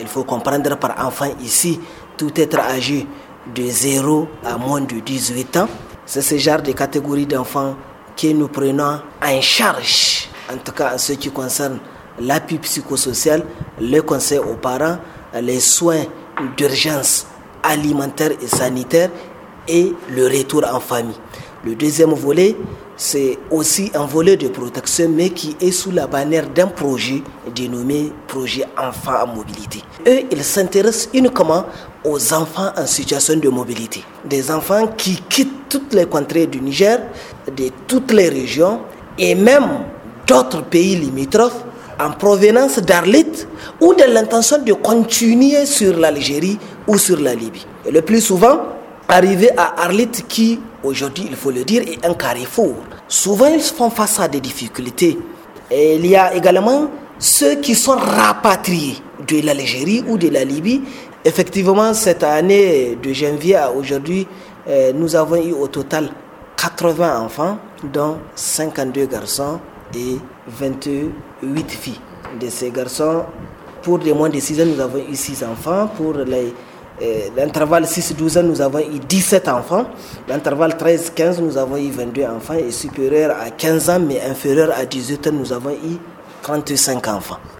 Il faut comprendre par enfant ici, tout être âgé de 0 à moins de 18 ans. C'est ce genre de catégorie d'enfants que nous prenons en charge, en tout cas en ce qui concerne l'appui psychosocial, le conseil aux parents, les soins d'urgence alimentaire et sanitaire et le retour en famille. Le deuxième volet, c'est aussi un volet de protection, mais qui est sous la bannière d'un projet dénommé Projet Enfants en mobilité. Eux, ils s'intéressent uniquement aux enfants en situation de mobilité. Des enfants qui quittent toutes les contrées du Niger, de toutes les régions, et même d'autres pays limitrophes en provenance d'Arlit ou de l'intention de continuer sur l'Algérie ou sur la Libye. le plus souvent, arriver à Arlit qui aujourd'hui, il faut le dire, est un carrefour. Souvent, ils font face à des difficultés. Et il y a également ceux qui sont rapatriés de l'Algérie ou de la Libye. Effectivement, cette année de janvier à aujourd'hui, euh, nous avons eu au total 80 enfants, dont 52 garçons et 28 filles. De ces garçons, pour les moins de 6 ans, nous avons eu 6 enfants. Pour les L'intervalle 6-12 ans, nous avons eu 17 enfants. L'intervalle 13-15, nous avons eu 22 enfants. Et supérieur à 15 ans, mais inférieur à 18 ans, nous avons eu 35 enfants.